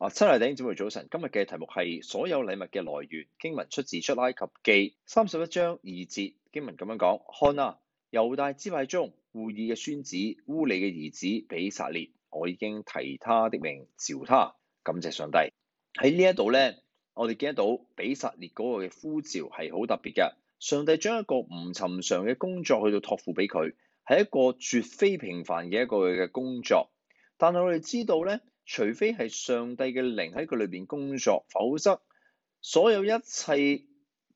啊，親愛的姊妹早晨，今日嘅題目係所有禮物嘅來源，經文出自出埃及記三十一章二節，經文咁樣講：看啊，猶大支派中戶珥嘅孫子烏利嘅兒子比撒列，我已經提他的名召他，感謝上帝。喺呢一度咧，我哋見得到比撒列嗰個嘅呼召係好特別嘅，上帝將一個唔尋常嘅工作去到託付俾佢，係一個絕非平凡嘅一個嘅工作。但係我哋知道咧。除非係上帝嘅靈喺佢裏邊工作，否則所有一切，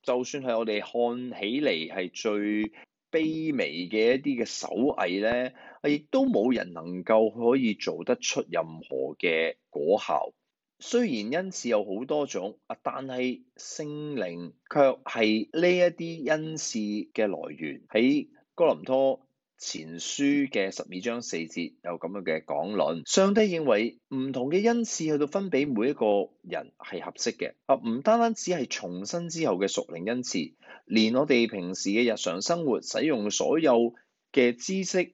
就算係我哋看起嚟係最卑微嘅一啲嘅手藝咧，啊，亦都冇人能夠可以做得出任何嘅果效。雖然恩賜有好多種，啊，但係聖靈卻係呢一啲恩賜嘅來源，喺哥林多前書嘅十二章四節有咁樣嘅講論，上帝認為唔同嘅恩賜去到分俾每一個人係合適嘅，啊，唔單單只係重生之後嘅屬靈恩賜，連我哋平時嘅日常生活使用所有嘅知識，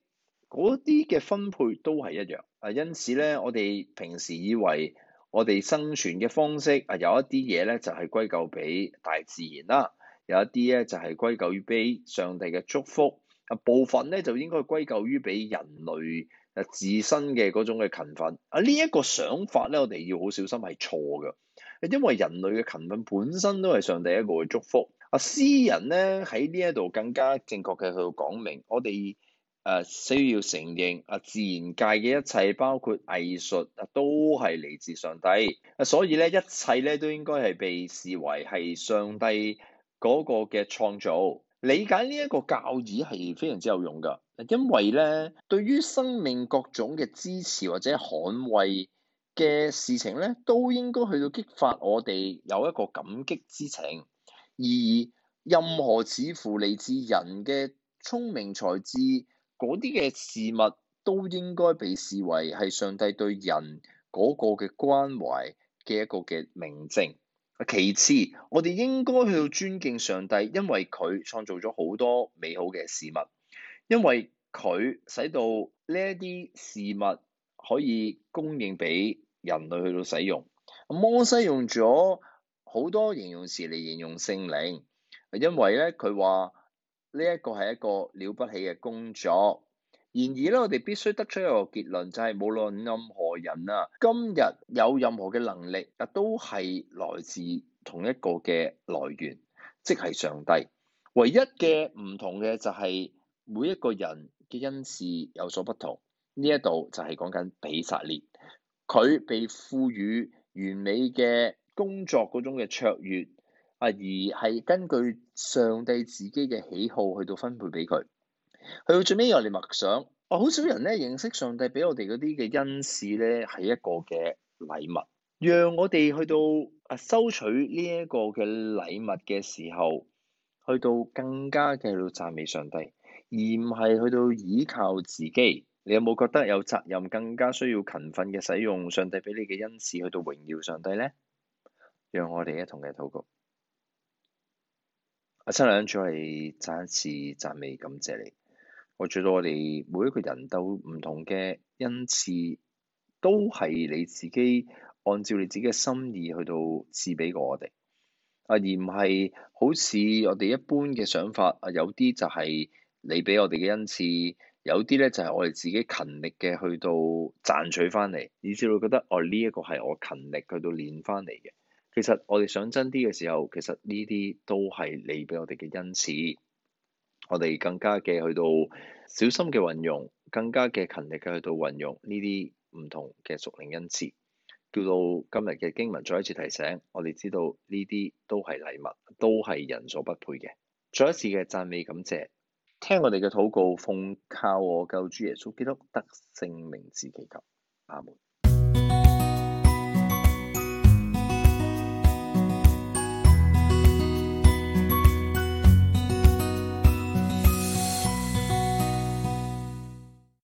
嗰啲嘅分配都係一樣。啊，因此咧，我哋平時以為我哋生存嘅方式啊，有一啲嘢咧就係歸咎俾大自然啦，有一啲咧就係歸咎於俾上帝嘅祝福。部分咧就應該歸咎於俾人類啊自身嘅嗰種嘅勤奮。啊，呢一個想法咧，我哋要好小心係錯嘅，因為人類嘅勤奮本身都係上帝一個嘅祝福。啊，詩人咧喺呢一度更加正確嘅去到講明，我哋誒需要承認啊，自然界嘅一切包括藝術啊，都係嚟自上帝。啊，所以咧一切咧都應該係被視為係上帝嗰個嘅創造。理解呢一個教義係非常之有用㗎，因為咧，對於生命各種嘅支持或者捍衞嘅事情咧，都應該去到激發我哋有一個感激之情。而任何似乎嚟自人嘅聰明才智嗰啲嘅事物，都應該被視為係上帝對人嗰個嘅關懷嘅一個嘅明證。其次，我哋應該去到尊敬上帝，因為佢創造咗好多美好嘅事物，因為佢使到呢一啲事物可以供應俾人類去到使用。摩西用咗好多形容詞嚟形容聖靈，因為咧佢話呢一個係一個了不起嘅工作。然而咧，我哋必須得出一個結論，就係、是、無論任何人啊，今日有任何嘅能力，嗱都係來自同一個嘅來源，即係上帝。唯一嘅唔同嘅就係每一個人嘅恩賜，有所不同。呢一度就係講緊比撒列，佢被賦予完美嘅工作嗰種嘅卓越，啊而係根據上帝自己嘅喜好去到分配俾佢。去到最尾，又嚟默想，啊、哦，好少人咧認識上帝俾我哋嗰啲嘅恩賜咧，係一個嘅禮物。讓我哋去到啊，收取呢一個嘅禮物嘅時候，去到更加嘅去到讚美上帝，而唔係去到依靠自己。你有冇覺得有責任更加需要勤奮嘅使用上帝俾你嘅恩賜去到榮耀上帝咧？讓我哋一同嘅禱告。阿親兩再嚟，我哋再一次讚美感謝你。我最到我哋每一個人都唔同嘅恩賜，都係你自己按照你自己嘅心意去到賜俾過我哋。啊，而唔係好似我哋一般嘅想法啊，有啲就係你俾我哋嘅恩賜，有啲咧就係我哋自己勤力嘅去到賺取翻嚟，以至會覺得哦，呢一個係我勤力去到練翻嚟嘅。其實我哋想真啲嘅時候，其實呢啲都係你俾我哋嘅恩賜。我哋更加嘅去到小心嘅運用，更加嘅勤力嘅去到運用呢啲唔同嘅屬靈恩賜，叫到今日嘅經文再一次提醒我哋知道呢啲都係禮物，都係人所不配嘅。再一次嘅讚美感謝，聽我哋嘅禱告，奉靠我救主耶穌基督得勝名字祈求，阿門。